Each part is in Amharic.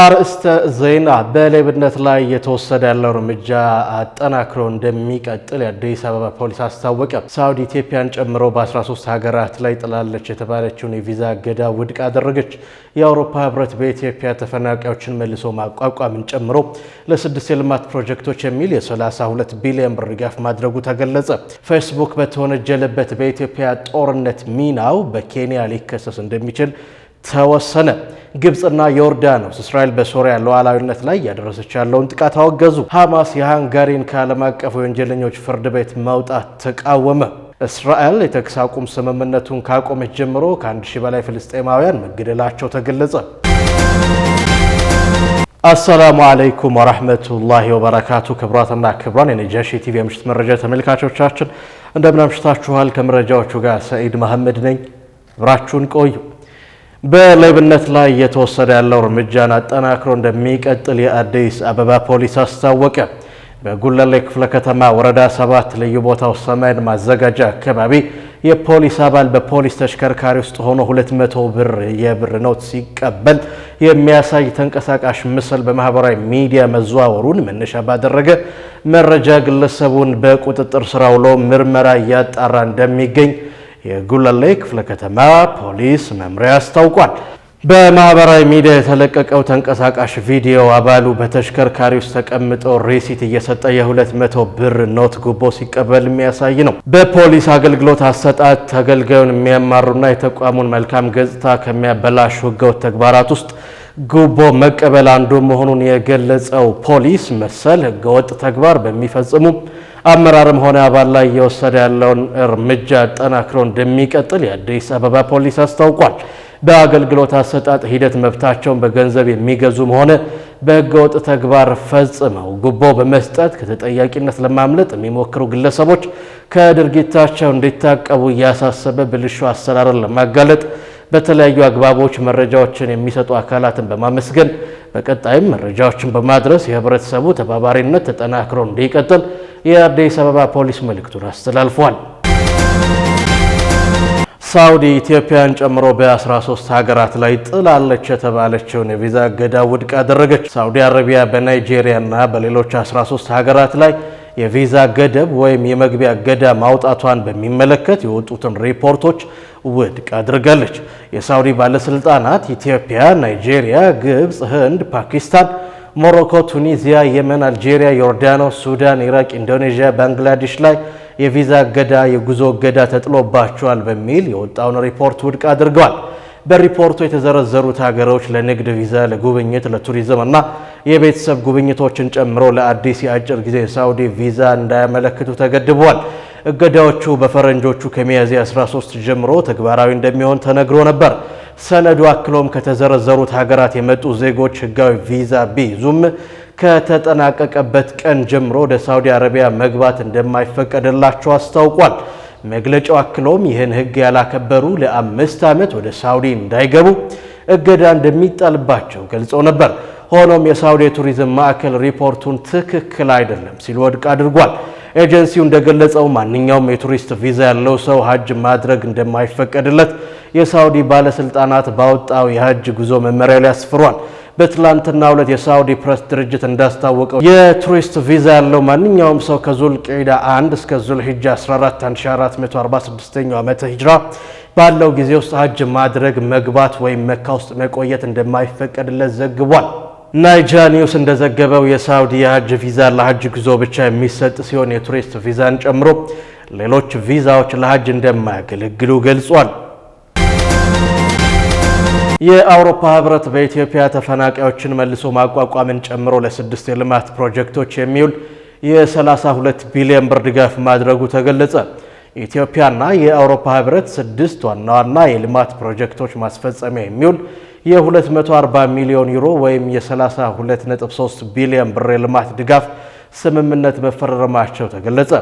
አርእስተ ዜና በሌብነት ላይ የተወሰደ ያለው እርምጃ አጠናክሮ እንደሚቀጥል የአዲስ አበባ ፖሊስ አስታወቀ። ሳውዲ ኢትዮጵያን ጨምሮ በ13 ሀገራት ላይ ጥላለች የተባለችውን የቪዛ እገዳ ውድቅ አደረገች። የአውሮፓ ህብረት በኢትዮጵያ ተፈናቃዮችን መልሶ ማቋቋምን ጨምሮ ለስድስት የልማት ፕሮጀክቶች የሚል የ32 ቢሊዮን ብር ድጋፍ ማድረጉ ተገለጸ። ፌስቡክ በተወነጀለበት በኢትዮጵያ ጦርነት ሚናው በኬንያ ሊከሰስ እንደሚችል ተወሰነ። ግብፅና ዮርዳኖስ እስራኤል በሶሪያ ሉዓላዊነት ላይ እያደረሰች ያለውን ጥቃት አወገዙ። ሐማስ የሃንጋሪን ከዓለም አቀፍ የወንጀለኞች ፍርድ ቤት መውጣት ተቃወመ። እስራኤል የተኩስ አቁም ስምምነቱን ካቆመች ጀምሮ ከአንድ ሺህ በላይ ፍልስጤማውያን መገደላቸው ተገለጸ። አሰላሙ አለይኩም ወራህመቱላሂ ወበረካቱ። ክብራትና ክብራን የነጃሺ ቲቪ የምሽት መረጃ ተመልካቾቻችን እንደምን አምሽታችኋል? ከመረጃዎቹ ጋር ሰኢድ መሐመድ ነኝ። ብራችሁን ቆዩ። በሌብነት ላይ እየተወሰደ ያለው እርምጃን አጠናክሮ እንደሚቀጥል የአዲስ አበባ ፖሊስ አስታወቀ። በጉለሌ ክፍለ ከተማ ወረዳ ሰባት ልዩ ቦታው ሰሜን ማዘጋጃ አካባቢ የፖሊስ አባል በፖሊስ ተሽከርካሪ ውስጥ ሆኖ 200 ብር የብር ኖት ሲቀበል የሚያሳይ ተንቀሳቃሽ ምስል በማህበራዊ ሚዲያ መዘዋወሩን መነሻ ባደረገ መረጃ ግለሰቡን በቁጥጥር ስር አውሎ ምርመራ እያጣራ እንደሚገኝ የጉለሌ ክፍለ ከተማ ፖሊስ መምሪያ አስታውቋል። በማህበራዊ ሚዲያ የተለቀቀው ተንቀሳቃሽ ቪዲዮ አባሉ በተሽከርካሪ ውስጥ ተቀምጦ ሬሲት እየሰጠ የ200 ብር ኖት ጉቦ ሲቀበል የሚያሳይ ነው። በፖሊስ አገልግሎት አሰጣጥ ተገልጋዩን የሚያማሩና የተቋሙን መልካም ገጽታ ከሚያበላሹ ህገወጥ ተግባራት ውስጥ ጉቦ መቀበል አንዱ መሆኑን የገለጸው ፖሊስ መሰል ህገወጥ ተግባር በሚፈጽሙ አመራርም ሆነ አባል ላይ እየወሰደ ያለውን እርምጃ አጠናክሮ እንደሚቀጥል የአዲስ አበባ ፖሊስ አስታውቋል። በአገልግሎት አሰጣጥ ሂደት መብታቸውን በገንዘብ የሚገዙም ሆነ በህገወጥ ተግባር ፈጽመው ጉቦ በመስጠት ከተጠያቂነት ለማምለጥ የሚሞክሩ ግለሰቦች ከድርጊታቸው እንዲታቀቡ እያሳሰበ ብልሹ አሰራርን ለማጋለጥ በተለያዩ አግባቦች መረጃዎችን የሚሰጡ አካላትን በማመስገን በቀጣይም መረጃዎችን በማድረስ የህብረተሰቡ ተባባሪነት ተጠናክሮ እንዲቀጥል የአዲስ አበባ ፖሊስ መልእክቱን አስተላልፏል። ሳውዲ ኢትዮጵያን ጨምሮ በ13 ሀገራት ላይ ጥላለች የተባለችውን የቪዛ እገዳ ውድቅ አደረገች። ሳውዲ አረቢያ በናይጄሪያና በሌሎች 13 ሀገራት ላይ የቪዛ ገደብ ወይም የመግቢያ ገዳ ማውጣቷን በሚመለከት የወጡትን ሪፖርቶች ውድቅ አድርጋለች። የሳውዲ ባለስልጣናት ኢትዮጵያ፣ ናይጄሪያ፣ ግብፅ፣ ህንድ፣ ፓኪስታን፣ ሞሮኮ፣ ቱኒዚያ፣ የመን፣ አልጄሪያ፣ ዮርዳኖስ፣ ሱዳን፣ ኢራቅ፣ ኢንዶኔዥያ፣ ባንግላዴሽ ላይ የቪዛ ገዳ የጉዞ ገዳ ተጥሎባቸዋል በሚል የወጣውን ሪፖርት ውድቅ አድርገዋል። በሪፖርቱ የተዘረዘሩት ሀገሮች ለንግድ ቪዛ፣ ለጉብኝት፣ ለቱሪዝም እና የቤተሰብ ጉብኝቶችን ጨምሮ ለአዲስ የአጭር ጊዜ ሳውዲ ቪዛ እንዳያመለክቱ ተገድቧል። እገዳዎቹ በፈረንጆቹ ከሚያዝያ 13 ጀምሮ ተግባራዊ እንደሚሆን ተነግሮ ነበር። ሰነዱ አክሎም ከተዘረዘሩት ሀገራት የመጡ ዜጎች ህጋዊ ቪዛ ቢይዙም ከተጠናቀቀበት ቀን ጀምሮ ወደ ሳውዲ አረቢያ መግባት እንደማይፈቀድላቸው አስታውቋል። መግለጫው አክሎም ይህን ህግ ያላከበሩ ለአምስት ዓመት ወደ ሳውዲ እንዳይገቡ እገዳ እንደሚጣልባቸው ገልጸው ነበር። ሆኖም የሳውዲ የቱሪዝም ማዕከል ሪፖርቱን ትክክል አይደለም ሲል ወድቅ አድርጓል። ኤጀንሲው እንደገለጸው ማንኛውም የቱሪስት ቪዛ ያለው ሰው ሀጅ ማድረግ እንደማይፈቀድለት የሳውዲ ባለስልጣናት ባወጣው የሀጅ ጉዞ መመሪያ ላይ አስፍሯል። በትላንትና ሁለት የሳውዲ ፕሬስ ድርጅት እንዳስታወቀው የቱሪስት ቪዛ ያለው ማንኛውም ሰው ከዙል ቂዳ 1 እስከ ዙል ሂጃ 14 1446 ዓመተ ሂጅራ ባለው ጊዜ ውስጥ ሀጅ ማድረግ መግባት ወይም መካ ውስጥ መቆየት እንደማይፈቀድለት ዘግቧል። ናይጃ ኒውስ እንደዘገበው የሳውዲ የሀጅ ቪዛ ለሀጅ ጉዞ ብቻ የሚሰጥ ሲሆን የቱሪስት ቪዛን ጨምሮ ሌሎች ቪዛዎች ለሀጅ እንደማያገለግሉ ገልጿል። የአውሮፓ ህብረት በኢትዮጵያ ተፈናቃዮችን መልሶ ማቋቋምን ጨምሮ ለስድስት የልማት ፕሮጀክቶች የሚውል የ32 ቢሊዮን ብር ድጋፍ ማድረጉ ተገለጸ። ኢትዮጵያና የአውሮፓ ህብረት ስድስት ዋና ዋና የልማት ፕሮጀክቶች ማስፈጸሚያ የሚውል የ240 ሚሊዮን ዩሮ ወይም የ32.3 ቢሊዮን ብር የልማት ድጋፍ ስምምነት መፈረማቸው ተገለጸ።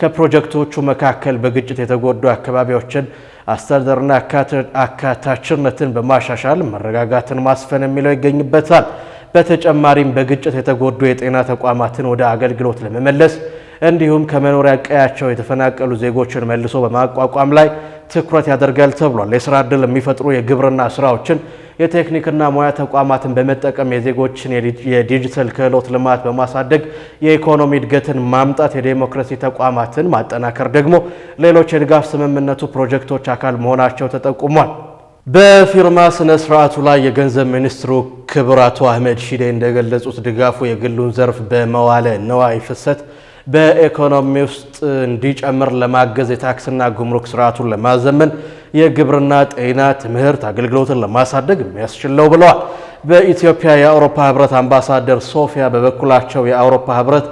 ከፕሮጀክቶቹ መካከል በግጭት የተጎዱ አካባቢዎችን አስተዳደርና አካታችነትን በማሻሻል መረጋጋትን ማስፈን የሚለው ይገኝበታል። በተጨማሪም በግጭት የተጎዱ የጤና ተቋማትን ወደ አገልግሎት ለመመለስ እንዲሁም ከመኖሪያ ቀያቸው የተፈናቀሉ ዜጎችን መልሶ በማቋቋም ላይ ትኩረት ያደርጋል ተብሏል። የስራ ዕድል የሚፈጥሩ የግብርና ስራዎችን የቴክኒክና ሙያ ተቋማትን በመጠቀም የዜጎችን የዲጂታል ክህሎት ልማት በማሳደግ የኢኮኖሚ እድገትን ማምጣት፣ የዴሞክራሲ ተቋማትን ማጠናከር ደግሞ ሌሎች የድጋፍ ስምምነቱ ፕሮጀክቶች አካል መሆናቸው ተጠቁሟል። በፊርማ ስነ ስርዓቱ ላይ የገንዘብ ሚኒስትሩ ክብር አቶ አህመድ ሺዴ እንደገለጹት ድጋፉ የግሉን ዘርፍ በመዋለ ነዋይ ፍሰት በኢኮኖሚ ውስጥ እንዲጨምር ለማገዝ የታክስና ጉምሩክ ስርዓቱን ለማዘመን የግብርና፣ ጤና፣ ትምህርት አገልግሎትን ለማሳደግ የሚያስችል ነው ብለዋል። በኢትዮጵያ የአውሮፓ ህብረት አምባሳደር ሶፊያ በበኩላቸው የአውሮፓ ህብረት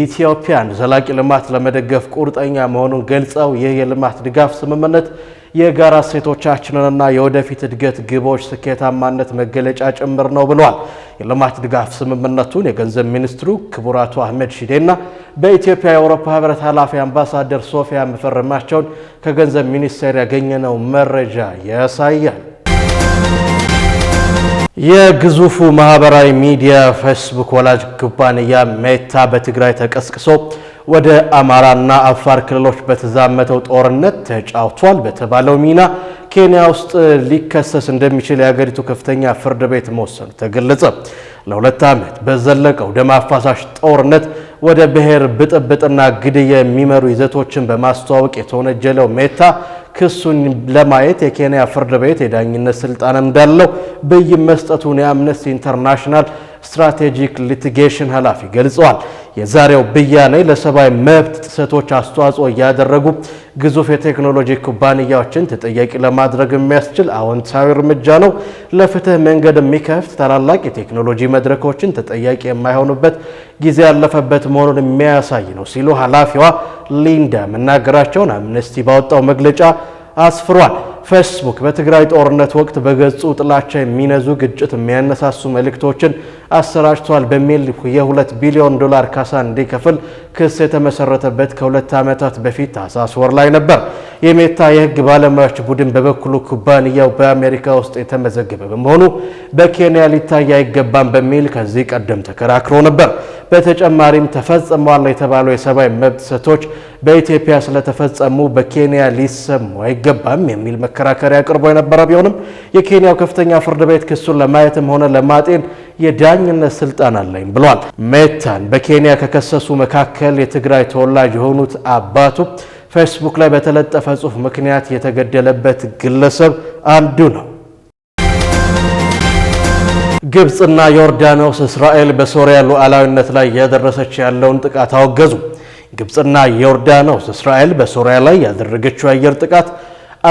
ኢትዮጵያን ዘላቂ ልማት ለመደገፍ ቁርጠኛ መሆኑን ገልጸው ይህ የልማት ድጋፍ ስምምነት የጋራ እሴቶቻችንንና የወደፊት እድገት ግቦች ስኬታማነት መገለጫ ጭምር ነው ብለዋል። የልማት ድጋፍ ስምምነቱን የገንዘብ ሚኒስትሩ ክቡር አቶ አህመድ ሺዴና በኢትዮጵያ የአውሮፓ ህብረት ኃላፊ አምባሳደር ሶፊያ መፈረማቸውን ከገንዘብ ሚኒስቴር ያገኘነው መረጃ ያሳያል። የግዙፉ ማህበራዊ ሚዲያ ፌስቡክ ወላጅ ኩባንያ ሜታ በትግራይ ተቀስቅሶ ወደ አማራና አፋር ክልሎች በተዛመተው ጦርነት ተጫውቷል በተባለው ሚና ኬንያ ውስጥ ሊከሰስ እንደሚችል የሀገሪቱ ከፍተኛ ፍርድ ቤት መወሰኑ ተገለጸ። ለሁለት ዓመት በዘለቀው ደም አፋሳሽ ጦርነት ወደ ብሔር ብጥብጥና ግድያ የሚመሩ ይዘቶችን በማስተዋወቅ የተወነጀለው ሜታ ክሱን ለማየት የኬንያ ፍርድ ቤት የዳኝነት ስልጣን እንዳለው ብይን መስጠቱን የአምነስቲ ኢንተርናሽናል ስትራቴጂክ ሊቲጌሽን ኃላፊ ገልጸዋል። የዛሬው ብያኔ ለሰብአዊ መብት ጥሰቶች አስተዋጽኦ እያደረጉ ግዙፍ የቴክኖሎጂ ኩባንያዎችን ተጠያቂ ለማድረግ የሚያስችል አዎንታዊ እርምጃ ነው። ለፍትህ መንገድ የሚከፍት ታላላቅ የቴክኖሎጂ መድረኮችን ተጠያቂ የማይሆኑበት ጊዜ ያለፈበት መሆኑን የሚያሳይ ነው ሲሉ ኃላፊዋ ሊንዳ መናገራቸውን አምነስቲ ባወጣው መግለጫ አስፍሯል። ፌስቡክ በትግራይ ጦርነት ወቅት በገጹ ጥላቻ የሚነዙ ግጭት የሚያነሳሱ መልእክቶችን አሰራጭቷል በሚል የሁለት ቢሊዮን ዶላር ካሳ እንዲከፍል ክስ የተመሰረተበት ከሁለት ዓመታት በፊት ታህሳስ ወር ላይ ነበር። የሜታ የህግ ባለሙያዎች ቡድን በበኩሉ ኩባንያው በአሜሪካ ውስጥ የተመዘገበ በመሆኑ በኬንያ ሊታይ አይገባም በሚል ከዚህ ቀደም ተከራክሮ ነበር። በተጨማሪም ተፈጽመዋል የተባሉ የሰብአዊ መብት ጥሰቶች በኢትዮጵያ ስለተፈጸሙ በኬንያ ሊሰሙ አይገባም የሚል መከራከሪያ አቅርቦ የነበረ ቢሆንም የኬንያው ከፍተኛ ፍርድ ቤት ክሱን ለማየትም ሆነ ለማጤን የዳኝነት ስልጣን አለኝ ብሏል። ሜታን በኬንያ ከከሰሱ መካከል የትግራይ ተወላጅ የሆኑት አባቱ ፌስቡክ ላይ በተለጠፈ ጽሑፍ ምክንያት የተገደለበት ግለሰብ አንዱ ነው። ግብፅና ዮርዳኖስ እስራኤል በሶሪያ ሉዓላዊነት ላይ እያደረሰች ያለውን ጥቃት አወገዙ። ግብፅና ዮርዳኖስ እስራኤል በሶሪያ ላይ ያደረገችው አየር ጥቃት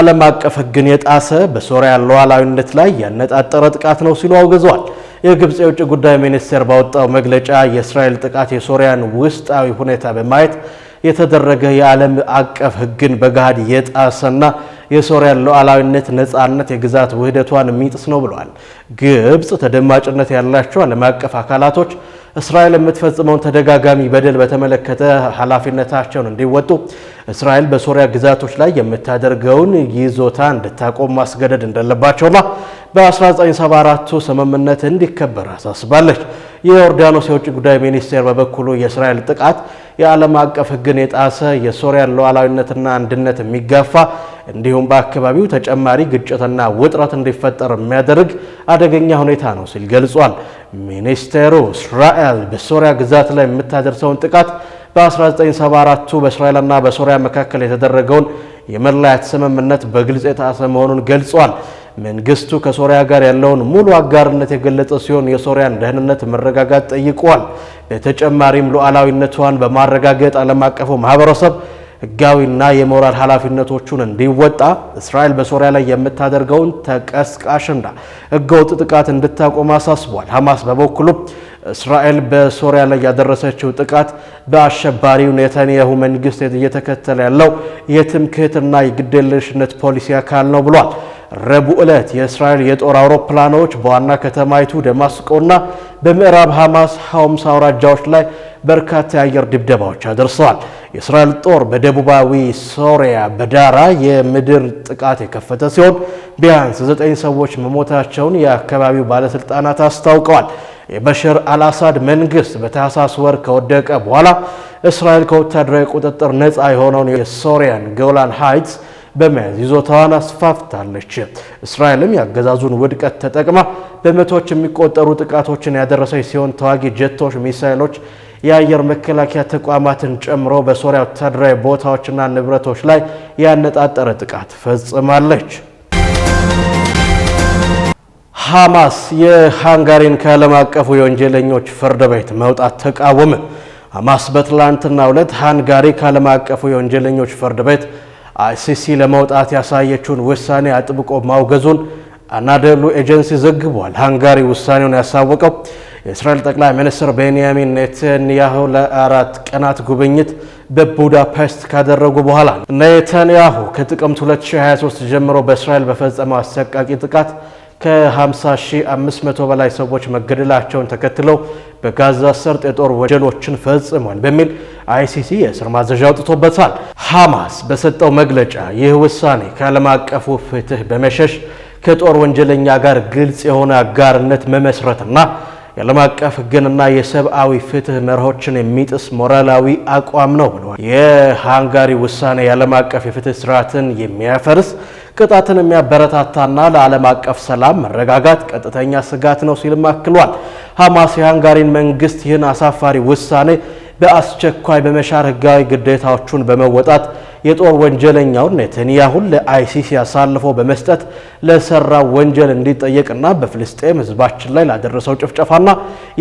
ዓለም አቀፍ ሕግን የጣሰ በሶሪያ ሉዓላዊነት ላይ ያነጣጠረ ጥቃት ነው ሲሉ አውገዘዋል። የግብፅ የውጭ ጉዳይ ሚኒስቴር ባወጣው መግለጫ የእስራኤል ጥቃት የሶሪያን ውስጣዊ ሁኔታ በማየት የተደረገ የዓለም አቀፍ ሕግን በገሃድ የጣሰና የሶሪያን ሉዓላዊነት፣ ነፃነት የግዛት ውህደቷን የሚጥስ ነው ብለዋል። ግብፅ ተደማጭነት ያላቸው ዓለም አቀፍ አካላቶች እስራኤል የምትፈጽመውን ተደጋጋሚ በደል በተመለከተ ኃላፊነታቸውን እንዲወጡ እስራኤል በሶሪያ ግዛቶች ላይ የምታደርገውን ይዞታ እንድታቆም ማስገደድ እንዳለባቸውና በ1974ቱ ስምምነት እንዲከበር አሳስባለች። የዮርዳኖስ የውጭ ጉዳይ ሚኒስቴር በበኩሉ የእስራኤል ጥቃት የዓለም አቀፍ ሕግን የጣሰ የሶሪያን ሉዓላዊነትና አንድነት የሚጋፋ እንዲሁም በአካባቢው ተጨማሪ ግጭትና ውጥረት እንዲፈጠር የሚያደርግ አደገኛ ሁኔታ ነው ሲል ገልጿል። ሚኒስቴሩ እስራኤል በሶሪያ ግዛት ላይ የምታደርሰውን ጥቃት በ1974ቱ በእስራኤልና በሶሪያ መካከል የተደረገውን የመለያየት ስምምነት በግልጽ የጣሰ መሆኑን ገልጿል። መንግስቱ ከሶሪያ ጋር ያለውን ሙሉ አጋርነት የገለጸ ሲሆን የሶሪያን ደህንነት መረጋጋት ጠይቋል። በተጨማሪም ሉዓላዊነቷን በማረጋገጥ ዓለም አቀፉ ማህበረሰብ ህጋዊና የሞራል ኃላፊነቶቹን እንዲወጣ እስራኤል በሶሪያ ላይ የምታደርገውን ተቀስቃሽና ህገወጥ ጥቃት እንድታቆም አሳስቧል። ሐማስ በበኩሉ እስራኤል በሶሪያ ላይ ያደረሰችው ጥቃት በአሸባሪው ኔታንያሁ መንግስት እየተከተለ ያለው የትምክህትና የግዴለሽነት ፖሊሲ አካል ነው ብሏል። ረቡዕ ዕለት የእስራኤል የጦር አውሮፕላኖች በዋና ከተማይቱ ደማስቆና በምዕራብ ሐማስ ሐምስ አውራጃዎች ላይ በርካታ የአየር ድብደባዎች አድርሰዋል። የእስራኤል ጦር በደቡባዊ ሶሪያ በዳራ የምድር ጥቃት የከፈተ ሲሆን ቢያንስ ዘጠኝ ሰዎች መሞታቸውን የአካባቢው ባለሥልጣናት አስታውቀዋል። የበሽር አልአሳድ መንግስት በታህሳስ ወር ከወደቀ በኋላ እስራኤል ከወታደራዊ ቁጥጥር ነፃ የሆነውን የሶሪያን ጎላን ሃይትስ በመያዝ ይዞታዋን አስፋፍታለች። እስራኤልም የአገዛዙን ውድቀት ተጠቅማ በመቶዎች የሚቆጠሩ ጥቃቶችን ያደረሰች ሲሆን ተዋጊ ጀቶች፣ ሚሳይሎች፣ የአየር መከላከያ ተቋማትን ጨምሮ በሶሪያ ወታደራዊ ቦታዎችና ንብረቶች ላይ ያነጣጠረ ጥቃት ፈጽማለች። ሐማስ የሃንጋሪን ከዓለም አቀፉ የወንጀለኞች ፍርድ ቤት መውጣት ተቃወመ። ሐማስ በትላንትናው ዕለት ሃንጋሪ ከዓለም አቀፉ የወንጀለኞች ፍርድ ቤት አይሲሲ ለመውጣት ያሳየችውን ውሳኔ አጥብቆ ማውገዙን አናደሉ ኤጀንሲ ዘግቧል። ሃንጋሪ ውሳኔውን ያሳወቀው የእስራኤል ጠቅላይ ሚኒስትር ቤንያሚን ኔተንያሁ ለአራት ቀናት ጉብኝት በቡዳፔስት ካደረጉ በኋላ ኔተንያሁ ከጥቅምት 2023 ጀምሮ በእስራኤል በፈጸመው አሰቃቂ ጥቃት ከ50,500 በላይ ሰዎች መገደላቸውን ተከትለው በጋዛ ሰርጥ የጦር ወንጀሎችን ፈጽሟል በሚል አይሲሲ የእስር ማዘዣ አውጥቶበታል። ሐማስ በሰጠው መግለጫ ይህ ውሳኔ ከዓለም አቀፉ ፍትህ በመሸሽ ከጦር ወንጀለኛ ጋር ግልጽ የሆነ አጋርነት መመስረትና የዓለም አቀፍ ሕግንና የሰብአዊ ፍትህ መርሆችን የሚጥስ ሞራላዊ አቋም ነው ብለዋል። የሃንጋሪ ውሳኔ የዓለም አቀፍ የፍትህ ስርዓትን የሚያፈርስ ቅጣትን የሚያበረታታና ለዓለም አቀፍ ሰላም መረጋጋት ቀጥተኛ ስጋት ነው ሲልም አክሏል። ሐማስ የሃንጋሪን መንግስት ይህን አሳፋሪ ውሳኔ በአስቸኳይ በመሻር ህጋዊ ግዴታዎቹን በመወጣት የጦር ወንጀለኛውን ኔተንያሁን ለአይሲሲ አሳልፎ በመስጠት ለሰራው ወንጀል እንዲጠየቅና በፍልስጤም ህዝባችን ላይ ላደረሰው ጭፍጨፋና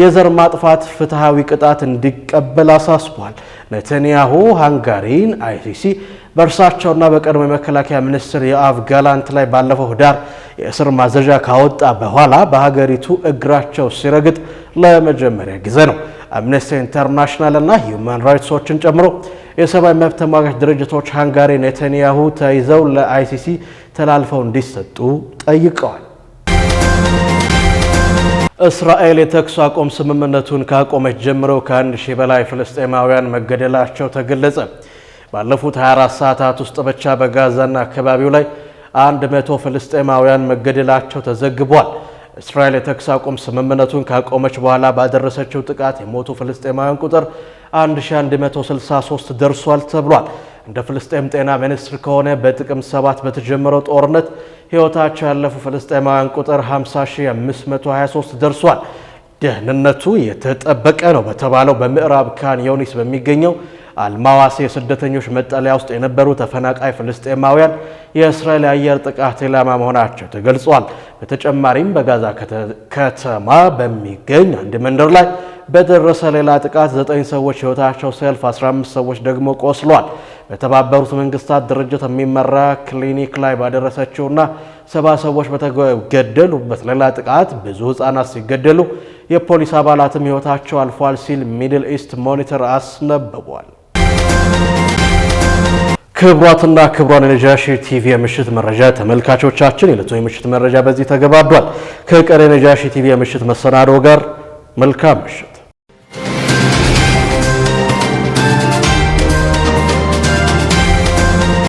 የዘር ማጥፋት ፍትሐዊ ቅጣት እንዲቀበል አሳስቧል። ኔተንያሁ ሃንጋሪን አይሲሲ በእርሳቸውና በቀድሞ የመከላከያ ሚኒስትር የአፍ ጋላንት ላይ ባለፈው ህዳር የእስር ማዘዣ ካወጣ በኋላ በሀገሪቱ እግራቸው ሲረግጥ ለመጀመሪያ ጊዜ ነው። አምነስቲ ኢንተርናሽናል እና ሂዩማን ራይትስ ዎችን ጨምሮ የሰብአዊ መብት ተሟጋች ድርጅቶች ሃንጋሪ ኔተንያሁ ተይዘው ለአይሲሲ ተላልፈው እንዲሰጡ ጠይቀዋል። እስራኤል የተኩስ አቁም ስምምነቱን ካቆመች ጀምሮ ከአንድ ሺህ በላይ ፍልስጤማውያን መገደላቸው ተገለጸ። ባለፉት 24 ሰዓታት ውስጥ ብቻ በጋዛና አካባቢው ላይ አንድ መቶ ፍልስጤማውያን መገደላቸው ተዘግቧል። እስራኤል የተኩስ አቁም ስምምነቱን ካቆመች በኋላ ባደረሰችው ጥቃት የሞቱ ፍልስጤማውያን ቁጥር 1163 ደርሷል ተብሏል። እንደ ፍልስጤም ጤና ሚኒስትር ከሆነ በጥቅምት 7 በተጀመረው ጦርነት ሕይወታቸው ያለፉ ፍልስጤማውያን ቁጥር 50523 ደርሷል። ደህንነቱ የተጠበቀ ነው በተባለው በምዕራብ ካን ዮኒስ በሚገኘው አልማዋሴ የስደተኞች መጠለያ ውስጥ የነበሩ ተፈናቃይ ፍልስጤማውያን የእስራኤል የአየር ጥቃት ኢላማ መሆናቸው ተገልጿል። በተጨማሪም በጋዛ ከተማ በሚገኝ አንድ መንደር ላይ በደረሰ ሌላ ጥቃት ዘጠኝ ሰዎች ሕይወታቸው ሲያልፍ 15 ሰዎች ደግሞ ቆስሏል። በተባበሩት መንግስታት ድርጅት የሚመራ ክሊኒክ ላይ ባደረሰችውና ሰባ ሰዎች በተገደሉበት ሌላ ጥቃት ብዙ ሕፃናት ሲገደሉ የፖሊስ አባላትም ሕይወታቸው አልፏል ሲል ሚድል ኢስት ሞኒተር አስነብቧል። ክቡራትና ክቡራን ነጃሺ ቲቪ የምሽት መረጃ ተመልካቾቻችን፣ የዕለቱ የምሽት መረጃ በዚህ ተገባዷል። ከቀሪ ነጃሺ ቲቪ የምሽት መሰናዶ ጋር መልካም ምሽት